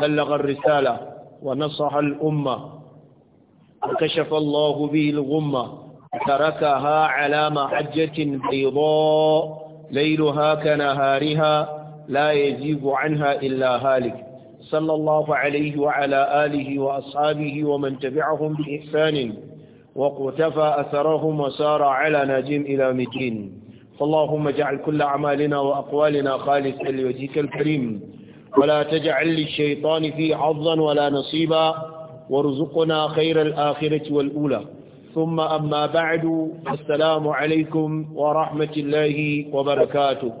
بلغ الرسالة ونصح الأمة وكشف الله به الغمة تركها على محجة بيضاء ليلها كنهارها لا يزيغ عنها إلا هالك صلى الله عليه وعلى آله وأصحابه ومن تبعهم بإحسان وقتفى أثرهم وسار على ناجم إلى مدين فاللهم اجعل كل أعمالنا وأقوالنا خالصا لوجهك الكريم ولا تجعل للشيطان في حظا ولا نصيبا وارزقنا خير الآخرة والأولى ثم أما بعد السلام عليكم ورحمة الله وبركاته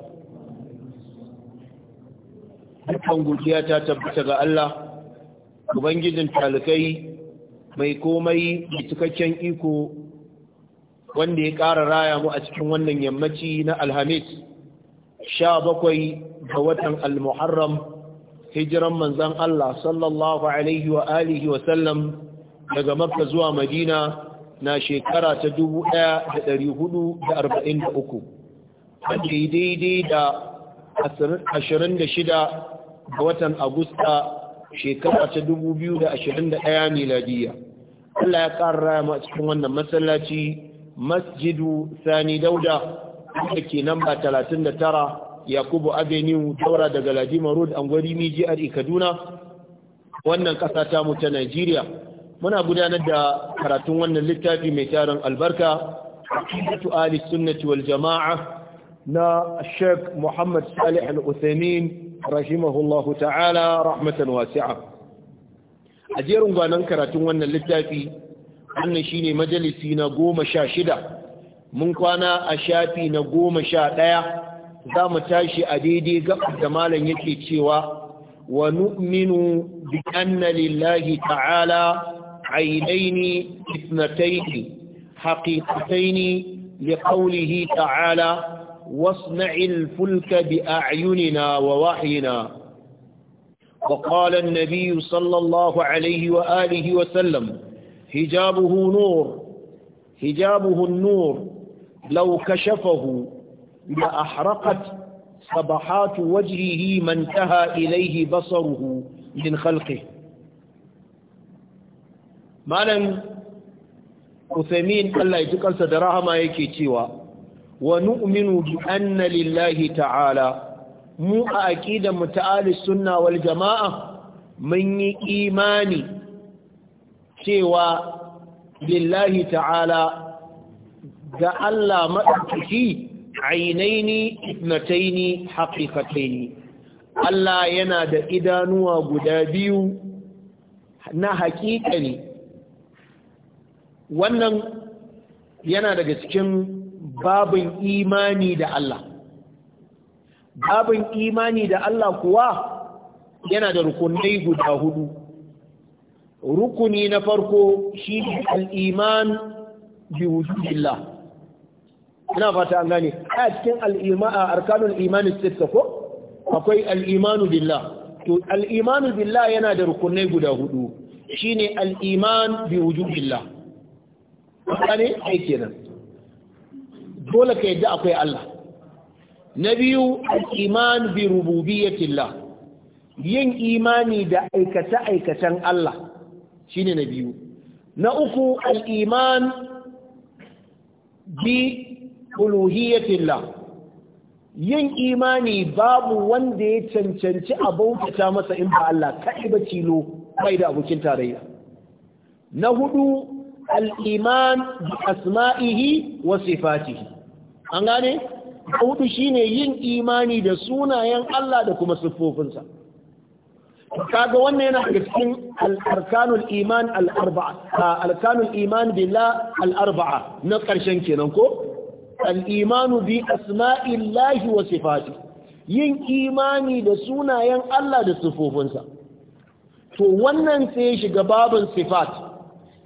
dukkan gurkiya ta tabbata ga Allah ubangijin talikai mai komai da cikakken iko wanda ya ƙara raya mu a cikin wannan yammaci na alhamis sha bakwai ga watan al-muharram hijiran manzan Allah sallallahu alaihi wa alihi wa sallam daga Makka zuwa Madina na shekara ta 1443 ake daidai da 26 ga watan Agusta shekara ta 2021 miladiya Allah ya karra ma cikin wannan masallaci Masjidu Sani Dauda da ke namba 39 yakubu avenue daura daga ladima road angwari mijiyar e, kaduna wannan ƙasa ta mu ta nigeria muna gudanar da karatun wannan littafi mai tarin albarka aqidatu ahli sunnati wal jama'a na Sheikh Muhammad Salih Al-Uthaymeen rahimahullahu ta'ala rahmatan wasi'a a jerin gwanan karatun wannan littafi wannan shine majalisi na goma sha shida mun kwana a shafi na goma sha ɗaya za mu tashi a daidai gabar da malam yake cewa wa nu'minu bi anna lillahi ta'ala عينين اثنتين حقيقتين لقوله تعالى واصنع الفلك بأعيننا ووحينا وقال النبي صلى الله عليه وآله وسلم حجابه نور حجابه النور لو كشفه da a harakat sabahatu wajihi mantaha ilaihi basaruhu min khalqi malam usaimin Allah ya ji kansa da rahama yake cewa wa nu'minu bi anna lillahi ta'ala mu a aƙida mu ta'ali sunna wal jama'a mun yi imani cewa lillahi ta'ala ga Allah madaukaki ainaini ibnataini haƙiƙataini. Allah yana da idanuwa guda biyu na haƙiƙa wannan yana daga cikin babin imani da Allah babin imani da Allah kuwa yana da rukunai guda hudu rukuni na farko shi al-iman bi ina fata an gane a cikin al'imana arkanul imani sitta ko akwai al'imanu billah to al'imanu billah yana da rukunai guda hudu shine al'iman bi wujudillah kane ai kenan dole ka da akwai Allah na biyu al'iman bi rububiyyatillah yin imani da aikata aikatan Allah shine na biyu na uku al'iman bi uluhiyatillah yin imani babu wanda ya cancanci a bautata masa in ba Allah kai ba tilo bai da abokin tarayya na hudu al-iman bi asma'ihi wa sifatihi an gane hudu shine yin imani da sunayen Allah da kuma siffofinsa kaga wannan yana daga cikin al'arkanul iman al'arba'a al'arkanul iman billah al'arba'a na ƙarshen kenan ko al'imanu bi asma'illahi wa sifati yin imani da sunayen Allah da sifofinsa to wannan sai shiga babin sifat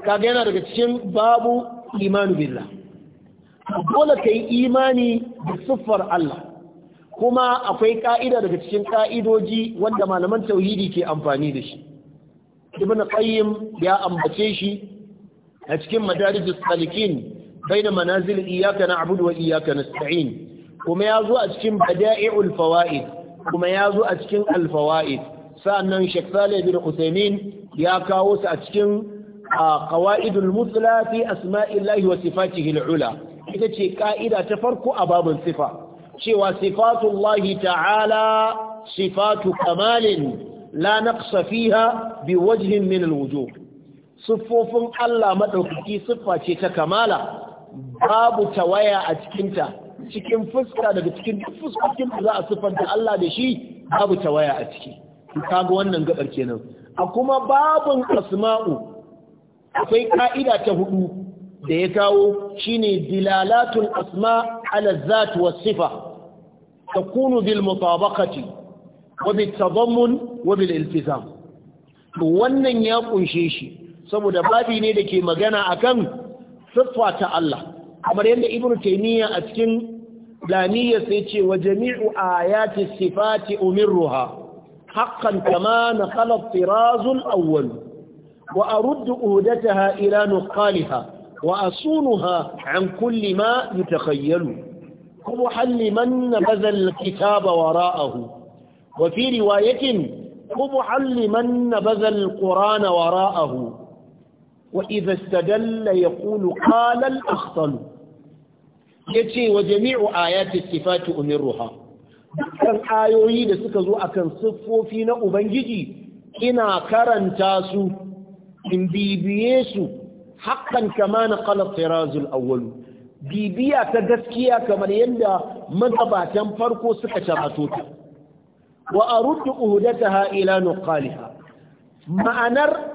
kaga yana daga cikin babu imanu billah dole ka yi imani da siffar Allah kuma akwai ka'ida daga cikin ka'idoji wanda malaman tauhidi ke amfani da shi ibn qayyim ya ambace shi a cikin madarijus salikin baina manazil iyyaka na'budu wa iyyaka nasta'in kuma yazo a cikin bada'i'ul fawaid kuma yazo a cikin al-fawaid sa'annan Sheikh Saleh bin Uthaymeen ya kawo su a cikin qawaidul mutla fi asma'illahi wa sifatihi ita ce ka'ida ta farko a babin sifa cewa sifatullahi ta'ala sifatu kamalin la naqsa fiha wajhin min al-wujuh siffofin Allah maɗaukaki siffa ce ta kamala babu tawaya a cikinta cikin fuska daga cikin fuskokin da za a siffanta Allah da shi babu tawaya a ciki kaga wannan gabar kenan a kuma babun asma'u akwai ka'ida ta hudu da ya kawo shine dilalatul asma ala zat wa sifa takunu bil mutabaqati wa bit tadammun wa bil iltizam wannan ya kunshe shi saboda babi ne da ke magana akan siffa ta Allah kamar yadda ibnu taymiya a cikin laniyya sai ce wa jami'u ayati sifati umirruha haqqan kama naqala al-tiraz al-awwal wa aruddu udataha ila nuqaliha wa asunuha an kulli ma yatakhayyalu كمحلمن بذل الكتاب وراءه وفي رواية كمحلمن بذل القرآن وراءه وإذا استدل يقول قال الأخطل يتي وجميع آيات الصفات أمرها كان آيوي لسكزو أكن صفو فينا أبنجي إنا كرن تاسو إن بيبيسو حقا كما نقل الطراز الأول بيبيا تدسكيا كما يندى مذبا تنفرقو سكتراتوتا وأرد أهدتها إلى نقالها ma'anar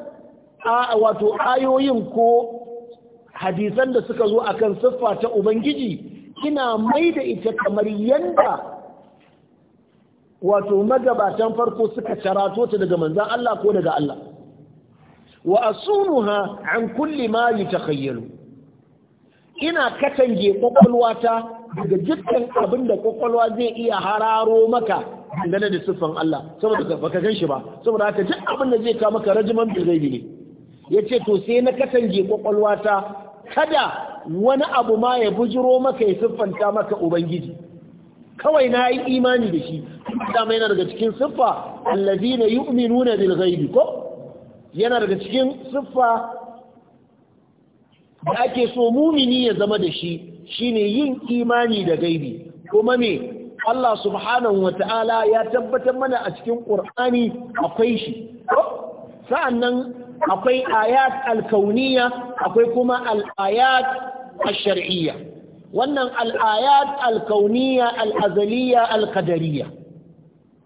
A'a, wato ayoyin ko hadisan da suka zo akan siffa ta ubangiji ina mai da ita kamar yanda wato magabatan farko suka carato ta daga manzan Allah ko daga Allah wa asunuha an kulli ma yatakhayyalu ina katange kwakwalwata daga dukkan abin da kokolwa zai iya hararo maka dangane da siffan Allah saboda ba ka ganshi ba saboda haka duk abin da zai ka maka rajiman bi zai ya ce to sai na katange kwakwalwata kada wani abu ma ya bujiro maka ya siffanta maka ubangiji kawai na yi imani da shi dama yana daga cikin siffa allazi na yi uminuna bil ghaibi ko yana daga cikin siffa da ake so mumini ya zama da shi shine yin imani da gaibi kuma me Allah subhanahu Ta'ala ya tabbatar mana a cikin Kur'ani akwai shi sa'annan akwai ayat alkauniya akwai kuma al'ayat al-shar'iyya wannan al'ayat alkauniya al'azaliya alkadariya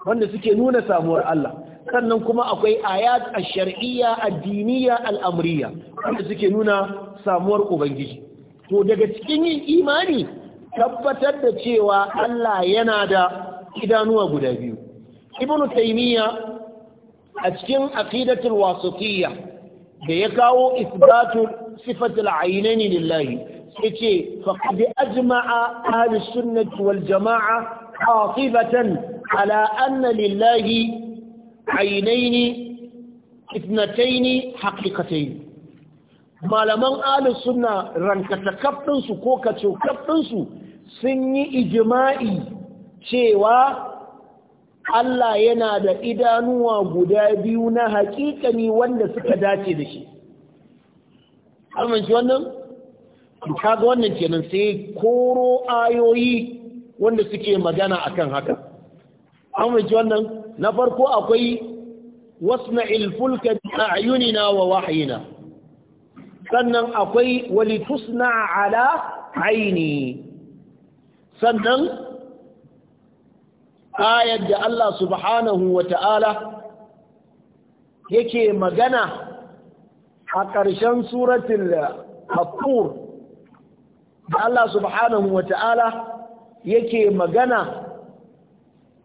wanda suke nuna samuwar Allah sannan kuma akwai ayat al-shar'iyya addiniya al'amriya wanda suke nuna samuwar ubangiji to daga cikin yin imani tabbatar da cewa Allah yana da idanuwa guda biyu ibnu taymiya a cikin aqidatul wasitiyya da ya kawo isbatu sifatul aynaini lillahi sai ce faqad ajma'a ahli sunnati wal jama'a qatibatan ala anna lillahi aynaini ithnatayn haqiqatayn malaman ahli sunna rankata kafdin su ko kace kafdin su sun yi ijma'i cewa Allah yana da idanuwa guda biyu na hakikani wanda suka dace da shi amince wannan kaga wannan kenan sai koro ayoyi wanda suke magana akan haka amince wannan na farko akwai na ilfulka a a'yunina wa wahayina. sannan akwai walitusna ala aini sannan ayar da Allah subhanahu wa ta'ala yake magana a ƙarshen suratul Fatur da Allah subhanahu wa ta'ala yake magana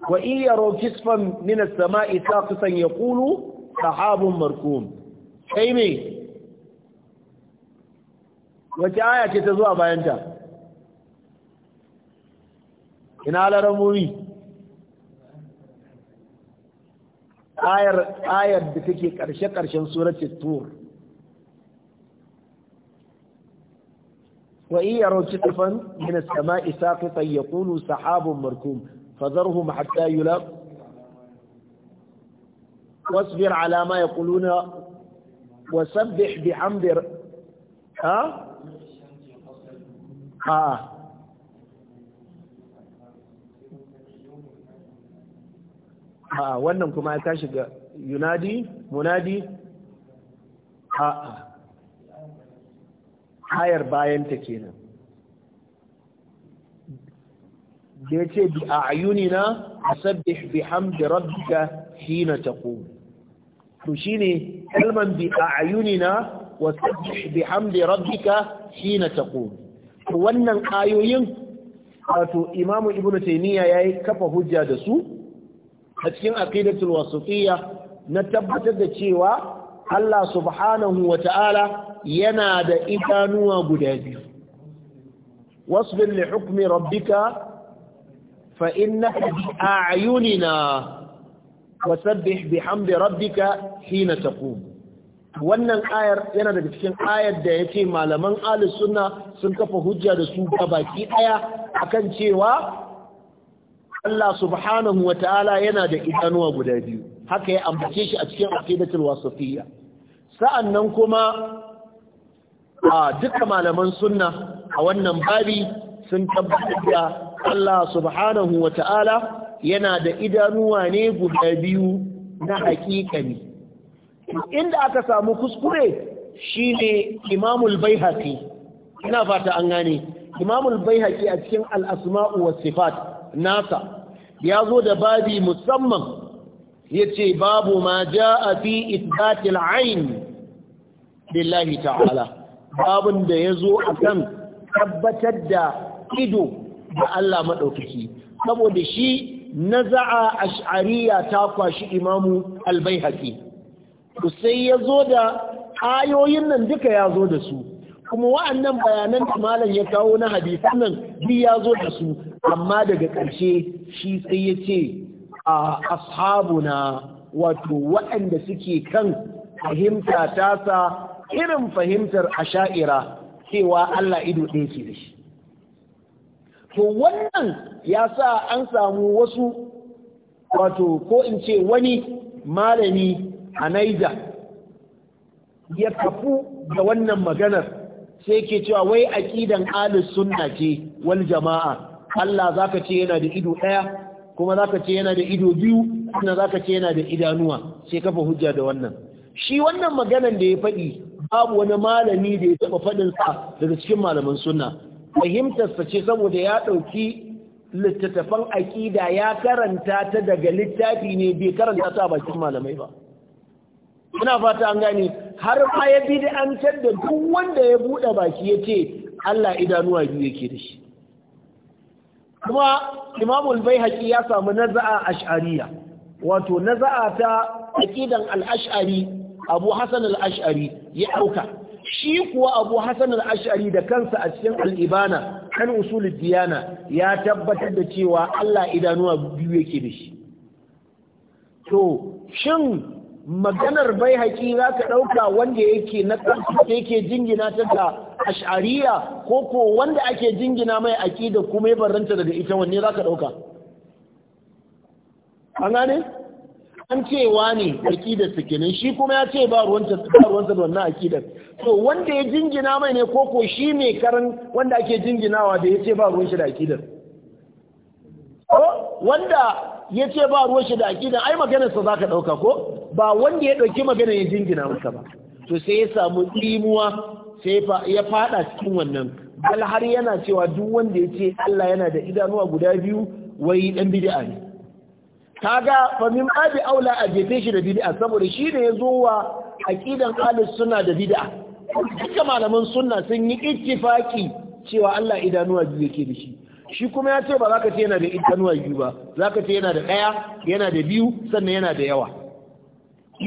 wa iya rokisfan minas sama'i ta kusan ya kulu sahabun markum kai me wace aya ce ta zuwa bayanta ina laramuri ayar ayar da take karshe karshen suratul tur wa in yaraw kitfan min as-sama'i saqitan yaqulu sahabun markum fadharhum hatta yulaq wasbir ala ma yaquluna wasabbih bihamdi ha ha a wannan kuma ya tashi ga yunadi munadi a hayar bayanta kenan da ya ce bi a ayuni na asabbih bi hamdi rabbika hina taqum to shine kalman bi a ayuni na wasabbih bi hamdi rabbika hina taqum wannan ayoyin wato imamu ibnu taymiya yayi kafa hujja da su a cikin aqidatul wasatiyya na tabbatar da cewa Allah subhanahu wa ta'ala yana da idanuwa guda biyu wasbir li hukmi rabbika fa innaka bi a'yunina wasabbih bihamdi rabbika hina taqum wannan ayar yana daga cikin ayar da ya ce malaman sunna sun kafa hujja da su ga baki daya akan cewa Allah subhanahu wa ta'ala yana da idanuwa guda biyu haka ya ambace shi a cikin aqidatul wasafiyya sa'annan kuma a duka malaman sunna a wannan babi sun tabbatar da Allah subhanahu wa ta'ala yana da idanuwa ne guda biyu na haƙiƙani inda aka samu kuskure shine imamul baihaqi ina fata an gane imamul baihaqi a cikin al'asma'u wa sifat nasa ya zo da babi musamman ya ce, babu ma a fi isbatil ayn lillahi ta'ala babun da a akan tabbatar da ido ga Allah maɗaukaki saboda shi na za'a ash'ariya ta kwashi imamu al Ku sai yazo da ayoyin nan duka yazo da su kuma wa'annan bayanan da malam ya kawo na hadisan nan duk ya zo da su amma daga ƙarshe shi sai ya ce a ashabuna wato waɗanda suke kan fahimta ta sa irin fahimtar asha'ira cewa Allah ido ɗaya ke da shi to wannan ya sa an samu wasu wato ko in ce wani malami a naija ya tafi da wannan maganar sai ke cewa wai aqidan alus sunna ce wal jama'a Allah zaka ce yana da ido daya kuma zaka ce yana da ido biyu kuma zaka ce yana da idanuwa sai kafa hujja da wannan shi wannan maganan da ya faɗi babu wani malami da ya taɓa faɗin sa daga cikin malaman sunna sa ce saboda ya ɗauki littattafan aƙida ya karanta ta daga littafi ne bai karanta ta bakin malamai ba muna fata an gani har ma ya bi da duk wanda ya buɗe baki ya ce Allah idanuwa biyu yake da shi kuma imamul haƙi ya samu naza'a ash'ariya wato naza'a ta aqidan al-ash'ari abu hasan al-ash'ari ya ɗauka, shi kuwa abu hasan al-ash'ari da kansa a cikin al-ibana kan usulul diyana ya tabbatar da cewa Allah idanuwa biyu yake da shi to shin maganar bai haƙi za ka ɗauka wanda yake na ƙarfi yake jingina ta da ash'ariya ko ko wanda ake jingina mai aƙi da kuma ya barranta daga ita wanne za ka ɗauka an gane an cewa ne aƙi da kenan shi kuma ya ce ba ruwanta da wannan da to wanda ya jingina mai ne ko ko shi ne karan wanda ake jinginawa da ya ce ba ruwan shi da Ko wanda ya ce ba ruwan shi da da ai maganarsa za ka ɗauka ko ba wanda ya ɗauki magana ya jingina masa ba to sai ya samu ɗimuwa sai ya fada cikin wannan bal har yana cewa duk wanda ya ce Allah yana da idanuwa guda biyu wai dan bid'a ne kaga fa min abi aula a jefe shi da bid'a saboda shi ne zo wa aqidan ahlus sunna da bid'a duka malaman sunna sun yi ittifaki cewa Allah idanuwa biyu yake da shi shi kuma ya ce ba za ka ce yana da idanuwa biyu ba za ka ce yana da ɗaya yana da biyu sannan yana da yawa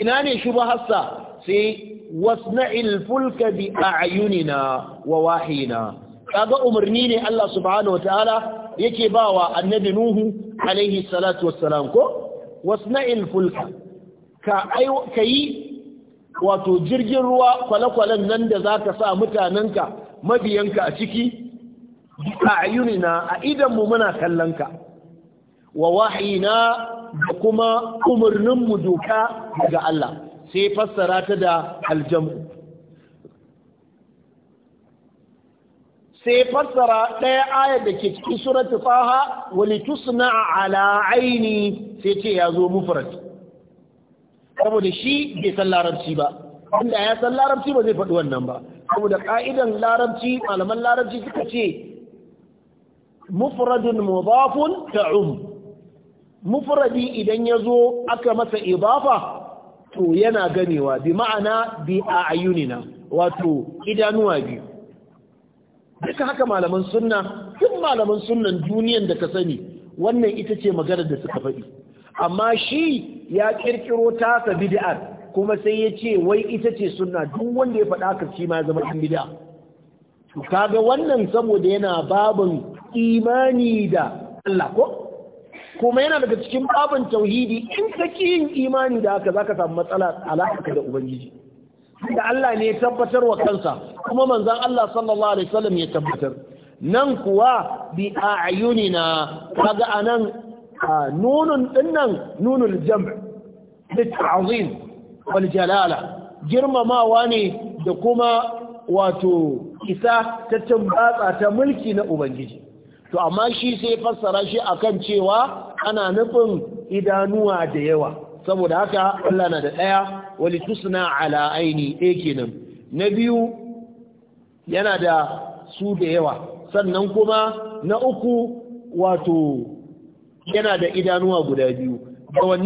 ina ne shubahassa sai wasna'il fulka bi a'yunina wa wahina kaga umarni ne Allah subhanahu wataala yake bawa annabi nuhu alaihi salatu wassalam ko wasna'il fulka ka kai wato jirgin ruwa kwale-kwalen nan da zaka sa mutanenka mabiyanka a ciki a ayyunina a idanmu muna kallonka wa wahina da kuma mu doka daga Allah sai fassara ta da aljamu sai fassara ɗaya ayar da ke cikin surat faha wali tusna ala aini sai ce ya zo mufrad saboda shi bai san larabci ba inda ya san larabci ba zai faɗi wannan ba saboda ka'idan larabci malaman larabci suka ce mufradun mudafun ta'um mufradi idan ya zo aka masa Ibafa, to yana ganewa bi ma'ana bi a ayunina wato idanuwa biyu duka haka malaman sunna duk malaman sunnan duniyan da ka sani wannan ita ce maganar da suka faɗi amma shi ya kirkiro tasa bid'ar kuma sai ya ce wai ita ce sunna duk wanda ya faɗa haka ma ya zama ɗan bid'a kaga wannan saboda yana babin imani da Allah ko kuma yana daga cikin babin tauhidi in ka yin imani da haka zaka samu matsala alaƙa da ubangiji da Allah ne ya tabbatar wa kansa kuma manzon Allah sallallahu alaihi wasallam ya tabbatar nan kuwa bi a'yunina kaga anan nunun dinnan nunul jam' lit'azim wal jalala girmamawa ne da kuma wato isa ta tumbatsa ta mulki na ubangiji to amma shi sai fassara shi akan cewa ana nufin idanuwa da yawa saboda haka Allah na da daya wali tusna ala aini kenan na biyu yana da su da yawa sannan kuma na uku wato yana da idanuwa guda biyu da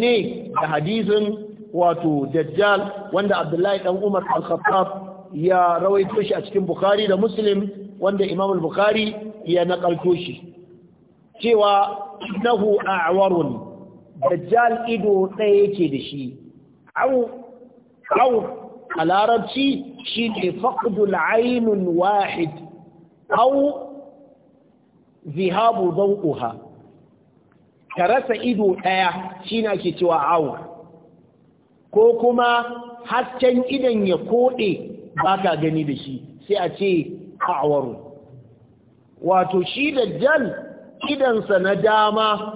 da hadisin wato dajjal wanda abdullahi dan umar al-khattab ya rawaito shi a cikin bukhari da muslim wanda imam al-bukhari ya nakalto shi cewa nahu a'warun dajjal ido ɗaya yake da shi au au a larabci shi ne faƙudul ainun wahid au zihabu zau'uha ka rasa ido ɗaya shi na ke cewa au ko kuma hasken idan ya koɗe ba gani da shi sai a ce a'warun wato shi da dajjal idansa na dama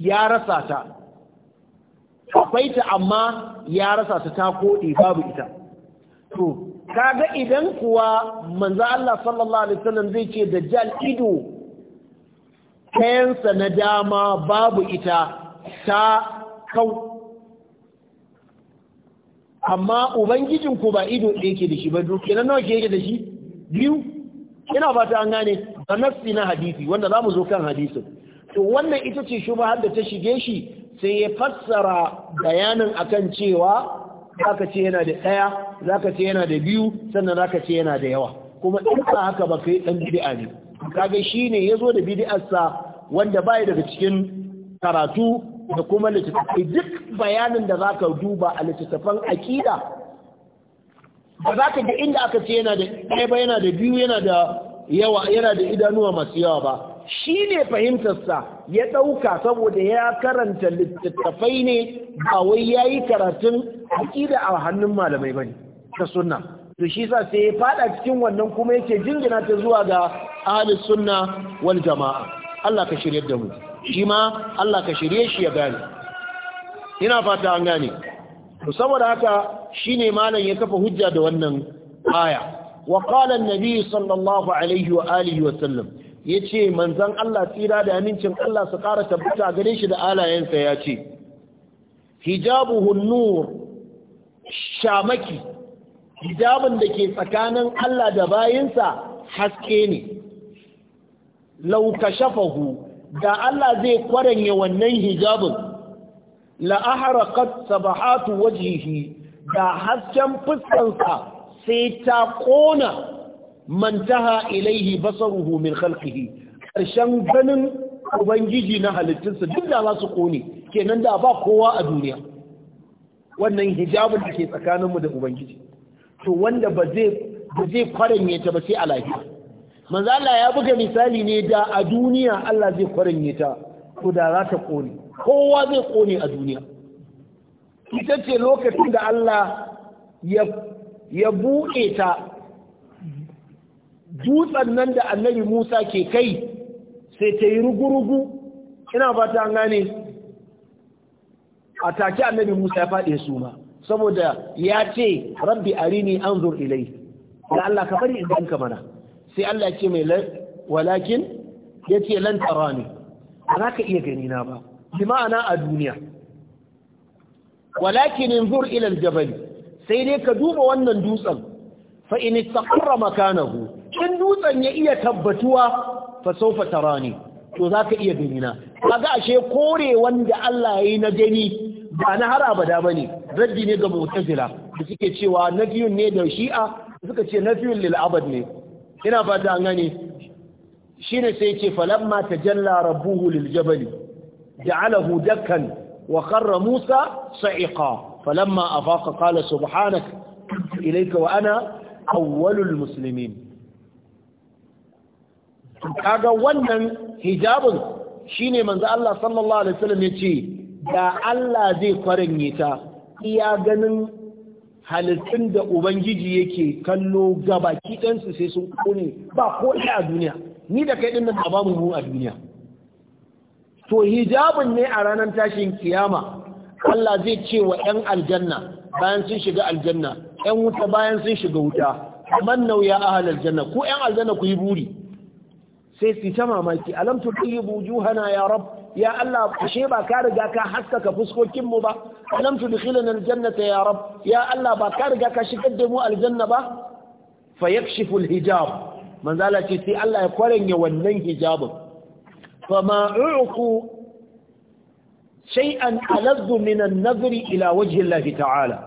ya rasa ta akwai ta amma ya rasa ta ta koɗe babu ita to kaga idan kuwa manzo Allah sallallahu alaihi wasallam zai ce jal ido kayansa na dama babu ita ta kau amma ubangijinku ba ido ɗaya ke da shi ba duk kenan nawa ke yake da shi biyu ina ba ta an gane da na hadisi wanda za mu zo kan hadisin to wannan ita ce har da ta shige shi sai ya fassara bayanin akan cewa zaka ce yana da ɗaya zaka ce yana da biyu sannan zaka ce yana da yawa kuma in ka haka ba kai dan bid'a ne kaga shine yazo da bidi'arsa wanda bai daga cikin karatu da kuma littattafai duk bayanin da zaka duba a littattafan aƙida. ba za ka ga inda aka ce yana da ɗaya ba yana da biyu yana da yawa yana da idanuwa masu yawa ba shi ne fahimtarsa ya ɗauka saboda ya karanta littattafai ne ba wai ya yi karatun aƙida a hannun malamai ba ne ta sunna to shi sa sai ya faɗa cikin wannan kuma yake jingina ta zuwa ga ahli sunna wal jama'a Allah ka shirye da mu shi ma Allah ka shirye shi ya gane ina fata an gane to saboda haka Shi ne malam ya kafa hujja da wannan aya wa qala an-nabi sallallahu alaihi wa alihi wa sallam yace manzon Allah tsira da amincin Allah su ƙara tabbata gare shi da alayensa yace hijabuhu an-nur shamaki hijabin da ke tsakanin Allah da bayinsa haske ne law kashafahu da Allah zai kwaranye wannan hijabin la aharaqat sabahatu wajhihi da hasken fuskansa sai ta kona mantaha ilaihi basaruhu min khalqihi karshen ganin ubangiji na sa duk da za su kone kenan da ba kowa a duniya wannan hijabin da ke tsakaninmu da ubangiji to wanda ba zai ba zai kwaranye ta ba sai a lafiya manzo Allah ya buga misali ne da a duniya Allah zai kwaranye ta to da za ta kone kowa zai kone a duniya ita ce lokacin da Allah ya buɗe ta dutsen nan da annabi Musa ke kai sai ta yi rugu-rugu ina ba ta gane a take annabi Musa ya faɗe su ma saboda ya ce rabbi arini anzur ilai da Allah ka bari idan ka mana sai Allah ce mai walakin yace ce lan tarani ba ka iya gani na ba bi ma'ana a duniya walakin inzur ila aljabal sai dai ka duba wannan dutsen fa in istaqarra makanahu in dutsen ya iya tabbatuwa fa sawfa tarani to zaka iya ganina kaga ashe kore wanda Allah yayi na gani ba na har abada bane raddi ne ga mu'tazila da suke cewa nafiyun ne da shi'a suka ce nafiyun lil abad ne ina fata an gane shine sai ce falamma tajalla rabbuhu lil da ja'alahu dakan. وخر موسى صعقا فلما أفاق قال سبحانك إليك وأنا أول المسلمين kaga wannan hijabin shine manzo Allah sallallahu alaihi wasallam yace da Allah zai kwaranye ta iya ganin halittun da ubangiji yake kallo gaba ɗansu sai sun kone ba ko a duniya ni da kai ɗin nan ba mu a duniya to hijabin ne a ranar tashin kiyama Allah zai ce wa 'yan aljanna bayan sun shiga aljanna 'yan wuta bayan sun shiga wuta man nauya a ahal janna. ku 'yan aljanna ku yi buri sai su ta mamaki Alamtu alam tudhibu juhana ya rab ya Allah kashe ba ka riga ka haskaka fuskokin mu ba alam tudkhilana aljannata ya rab ya Allah ba ka riga ka shigar da mu aljanna ba Fa fayakshifu hijab. manzala ce sai Allah ya kwarenya wannan hijabin فما أعطوا شيئا ألذ من النظر إلى وجه الله تعالى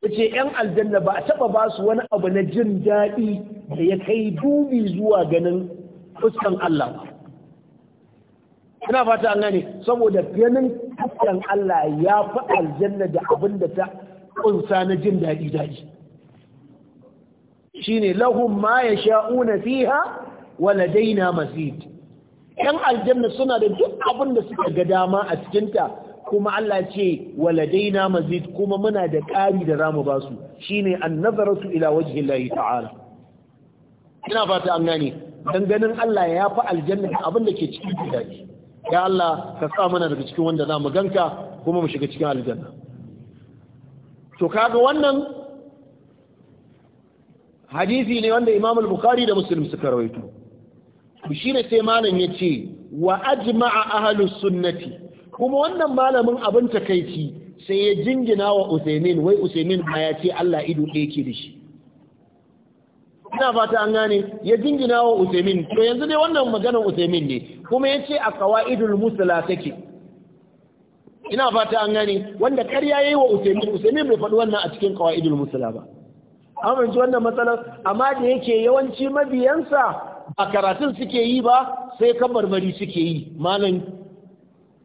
yace ‘yan aljanna ba a taɓa ba su wani abu na jin daɗi da ya kai dubi zuwa ganin fuskan Allah ina fata an gane saboda ganin fuskan Allah ya fi aljanna da abin da ta ƙunsa na jin daɗi daɗi shine lahun ma ya sha'una fiha wa ladaina masid yan aljanna suna da duk abin da suka ga dama a cikinta kuma Allah ce waladaina mazid kuma muna da ƙari da ramu ba su Shi ne an shine su ila wajhi Allah ta'ala ina fata an gane don ganin Allah ya fa aljanna da abin da ke cikin gidaje ya Allah ka sa mana daga cikin wanda za zamu ganka kuma mu shiga cikin aljanna to kaga wannan hadisi ne wanda Imam al-Bukhari da Muslim suka rawaito shi sai malam ya ce wa ajma'a ahlus sunnati kuma wannan malamin abin takaici sai ya jingina wa Usaimin wai Usaimin ma ya ce Allah ido ɗaya ke da shi ina fata an gane ya jingina wa Usaimin to yanzu dai wannan maganar Usaimin ne kuma ya ce a qawaidul musala take ina fata an gane wanda karya yayi wa Usaimin Usaimin bai faɗi wannan a cikin qawaidul musula ba amince wannan matsalar amma da yake yawanci mabiyansa ba karatun suke yi ba sai marmari suke yi malam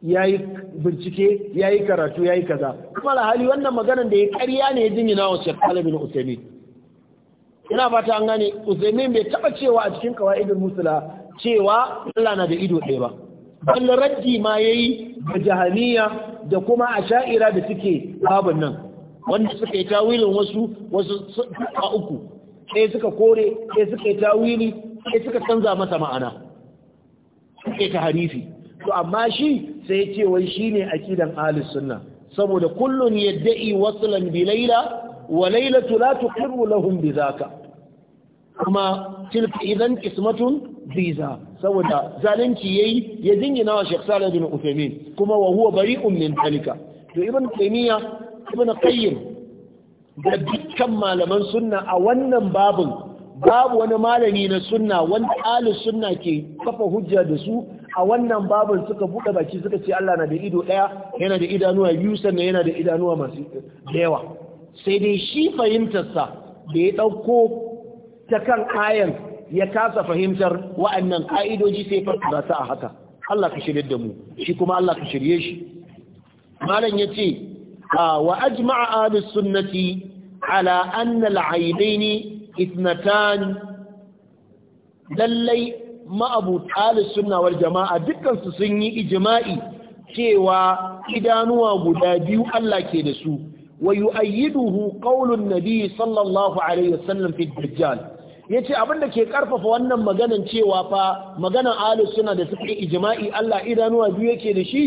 ya yi bincike ya yi karatu ya yi kaza kuma hali wannan maganar da ya karya ne ya na wa shekara talibin usaimin ina fata an gane usaimin bai taba cewa a cikin kawai idan musula cewa allah na da ido ɗaya ba wani raddi ma ya yi da jahaniya da kuma a sha'ira da suke babin nan wanda suka yi tawilin wasu wasu a uku ɗaya suka kore ɗaya suka yi tawili sai suka canza masa ma'ana suke ta harifi to amma shi sai ya ce wai shi ne a kidan alis sunna saboda ya yadda'i waslan bi laila wa lailatu la tuqirru lahum bi zaka kuma tilka idan kismatun biza saboda zalunci yayi ya dingina wa Sheikh Salih bin Uthaymeen kuma wa huwa bari min talika. to ibn Taymiyyah ibn Qayyim da dukkan malaman sunna a wannan babin babu wani malami na sunna wanda ahlus sunna ke kafa hujja da su a wannan babin suka buɗe baki suka ce Allah na da ido ɗaya yana da idanuwa biyu sannan yana da idanuwa masu yawa sai dai shi fahimtarsa da ya ɗauko ta kan ayan ya kasa fahimtar wa'annan ka'idoji sai farko a haka Allah ka shirye da mu shi kuma Allah ka shirye shi malam ya ce ah, wa ajma'a ahlus sunnati ala anna al-aynaini ithnatan lallai ma'abu talis sunna wal jama'a dukansu sun yi ijma'i cewa idanuwa guda biyu Allah ke da su wa yu'ayyiduhu qaulun nabiy sallallahu alaihi wasallam fi dajjal yace abinda ke karfafa wannan maganan cewa fa maganan ahlus sunna da suke ijma'i Allah idanuwa biyu yake da shi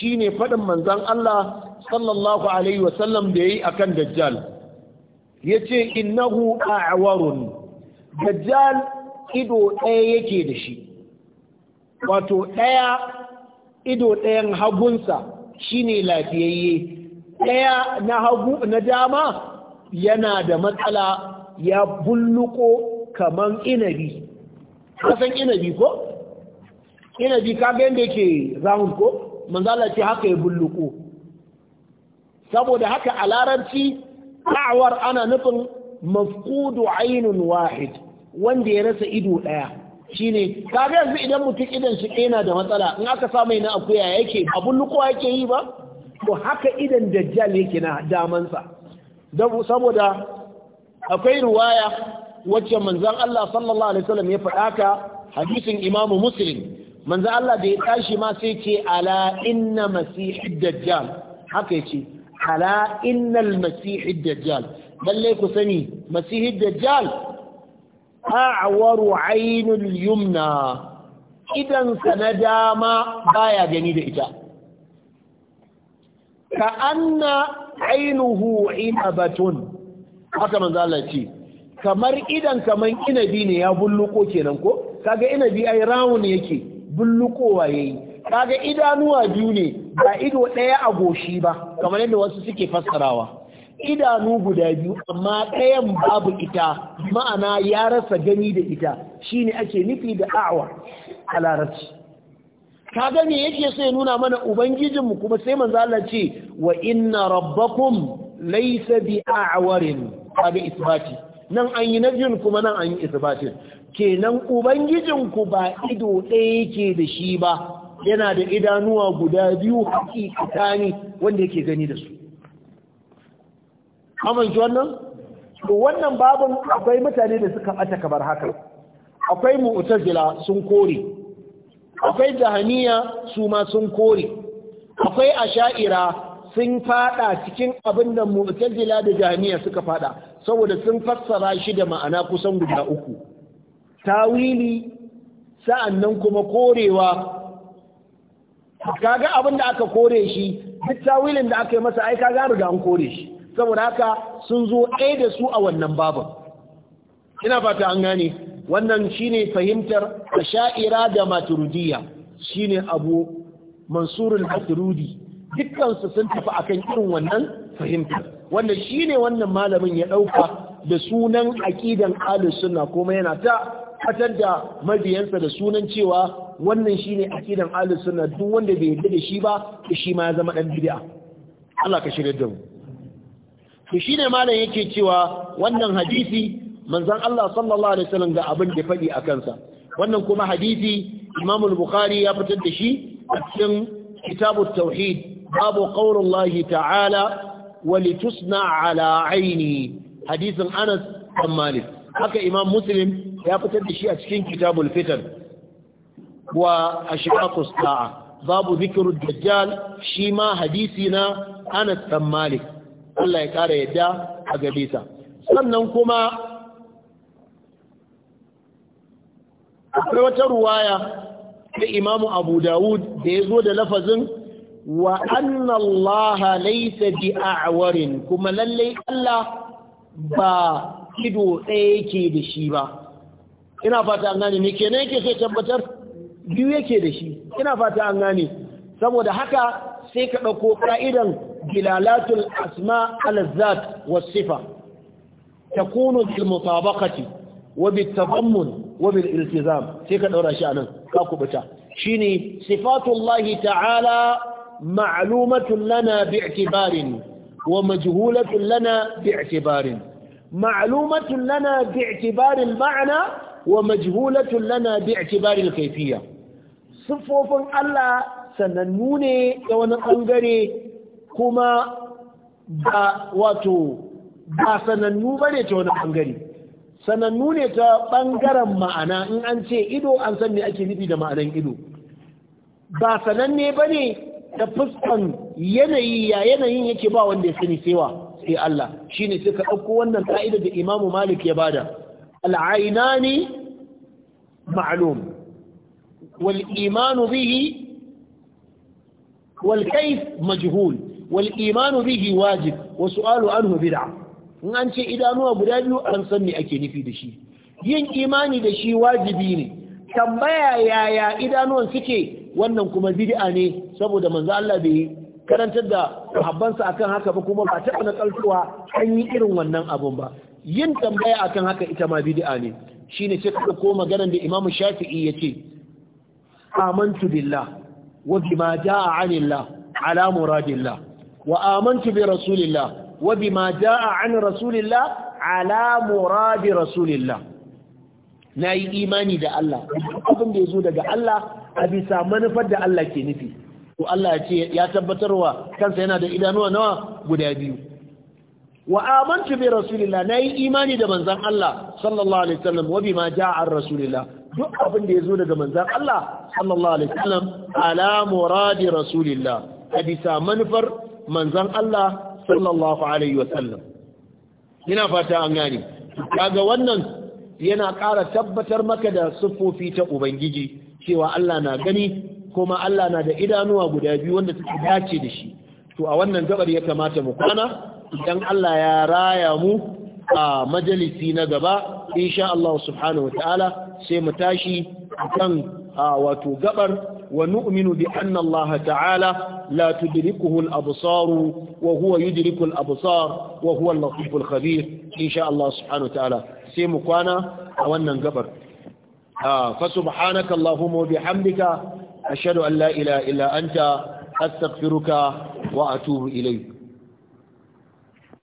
shine fadin manzon Allah sallallahu alaihi wasallam da yayi akan dajjal ya ce innahu a'warun dajjal ido ɗaya yake da shi wato ɗaya ido ɗayan hagunsa shine lafiyayye ɗaya na hagu na dama yana da matsala ya bulluko kaman inabi kasan inabi ko inabi kaga yadda yake zahun ko manzala ce haka ya bulluko saboda haka a larabci da'awar ana nufin mafqudu ainun wahid wanda ya rasa ido daya shine kaga yanzu idan mutum idan shi yana da matsala in aka sa mai na akuya yake abun lukuwa yake yi ba to haka idan dajjal yake na damansa saboda akwai ruwaya wacce manzon Allah sallallahu alaihi wasallam ya faɗa ka hadisin Imam Muslim manzon Allah da ya tashi ma sai ce ala inna masihid dajjal haka yace ala innal masihid dajjal lallai ku sani masihid dajjal a'waru aynul yumna idan sa na dama baya gani da ita ka anna ainuhu inabatun haka manzo Allah ce kamar idan kaman inabi ne ya bulluko kenan ko kaga inabi ai rawun yake bullukowa yayi kaga idanuwa biyu ne ba ido ɗaya a goshi ba kamar yadda wasu suke fassarawa idanu guda biyu amma ɗayan babu ita ma'ana ya rasa gani da ita shine ake nufi da a'wa a larabci kaga gani yake so ya nuna mana ubangijinmu kuma sai manzo Allah ce wa inna rabbakum laysa bi a'warin kaga isbati nan an yi nabiyun kuma nan an yi isbatin kenan ubangijinku ba ido ɗaya yake da shi ba yana da idanuwa guda biyu hakikata ne wanda yake gani da su amince wannan to wannan babin akwai mutane da suka bata kamar haka akwai mu'tazila sun kore akwai jahaniya su ma sun kore akwai asha'ira sun fada cikin abin da mu'tazila da jahaniya suka fada saboda sun fassara shi da ma'ana kusan guda uku tawili sa'annan kuma korewa Ka ga abin da aka kore shi duk tawilin da aka yi masa ai kaga riga an kore shi saboda haka sun zo ɗaya da su a wannan babin ina fata an gane wannan shine fahimtar asha'ira da maturidiyya shine abu mansur al dukkan dukkansu sun tafi akan irin wannan fahimtar wanda shine wannan malamin ya dauka da sunan aqidan ahlus sunna kuma yana ta fatar da mabiyansa da sunan cewa wannan shine akidan ahlus sunna duk wanda bai yarda da shi ba shi ma ya zama dan bid'a Allah ka shirya da mu to shine malam yake cewa wannan hadisi manzon Allah sallallahu alaihi wasallam ga abin da fadi akan sa wannan kuma hadisi Imam al-Bukhari ya fitar da shi a cikin Kitabut Tauhid babu qaulullahi ta'ala walitusna ala aini hadisin Anas bin Malik haka Imam Muslim ya fitar da shi a cikin kitabul fitan wa ashaqus sa'a babu zikrul dajjal shi ma hadisi na Anas bin Malik Allah ya kare yadda a gabe ta sannan kuma akwai wata ruwaya ta Imam Abu Dawud da yazo da lafazin wa anna Allah laysa bi'awarin kuma lalle Allah ba ido ɗaya yake da shi ba ina fata an gane me kenan yake sai tabbatar biyu yake da shi ina fata an gane saboda haka sai ka ɗauko ka'idan bilalatul asma al-zat was sifa takunu bil mutabaqati wa bit tadammun wa bil iltizam sai ka daura shi anan ka kubuta shine sifatullahi ta'ala ma'lumatun lana bi'tibarin wa majhulatun lana bi'tibarin ma'lumatun lana bi'tibarin ma'ana wa majhulatun lana bi bari al kaifiya. sifofin Allah sanannu ne ta wani bangare kuma ba wato ba sanannu bane ta wani bangare sanannu ne ta bangaren ma'ana in an ce ido an san me ake nufi da ma'anan ido ba sananne bane ta fuskan yanayi ya yanayin yake ba wanda ya sani sewa sai Allah shine suka ɗauko wannan ka'ida da imamu Malik ya bada العينان معلوم والإيمان به والكيف مجهول والإيمان به واجب وسؤال عنه بدعة in an ce idanuwa guda biyu an san me ake nufi da shi yin imani da shi wajibi ne tambaya yaya idanuwan suke wannan kuma bid'a ne saboda manzo Allah bai karantar da sahabbansa akan haka ba kuma ba taɓa na an yi irin wannan abun ba yin tambaya akan haka ita ma bid'a ne shine sai ka maganar da Imam Shafi'i yace amantu billah wa bima jaa 'anillah ala muradillah wa amantu bi rasulillah wa bima jaa 'an rasulillah ala muradi rasulillah nayi imani da Allah abin da yazo daga Allah a bisa manufar da Allah ke nufi to Allah ya ce ya tabbatarwa kansa yana da idanuwa nawa guda biyu wa amantu bi rasulillah nayi imani da manzon Allah sallallahu alaihi wasallam wa bima ja'a rasulillah duk abin da yazo daga manzon Allah sallallahu alaihi wasallam ala muradi rasulillah hadisa manfar manzon Allah sallallahu alaihi wasallam ina fata an gane kaga wannan yana ƙara tabbatar maka da siffofi ta ubangiji cewa Allah na gani kuma Allah na da idanuwa guda biyu wanda suke dace da shi to a wannan gabar ya kamata mu kwana idan Allah ya raya mu a majalisi na gaba insha Allah subhanahu wataala sai mu tashi kan wato gabar wa nu'minu bi anna Allah ta'ala la tudrikuhu al-absar wa huwa yudriku al-absar wa huwa al-latif al-khabir insha Allah subhanahu wataala sai mu kwana a wannan gabar fa subhanaka allahumma wa bihamdika ashhadu an la ilaha illa anta astaghfiruka wa atubu ilayk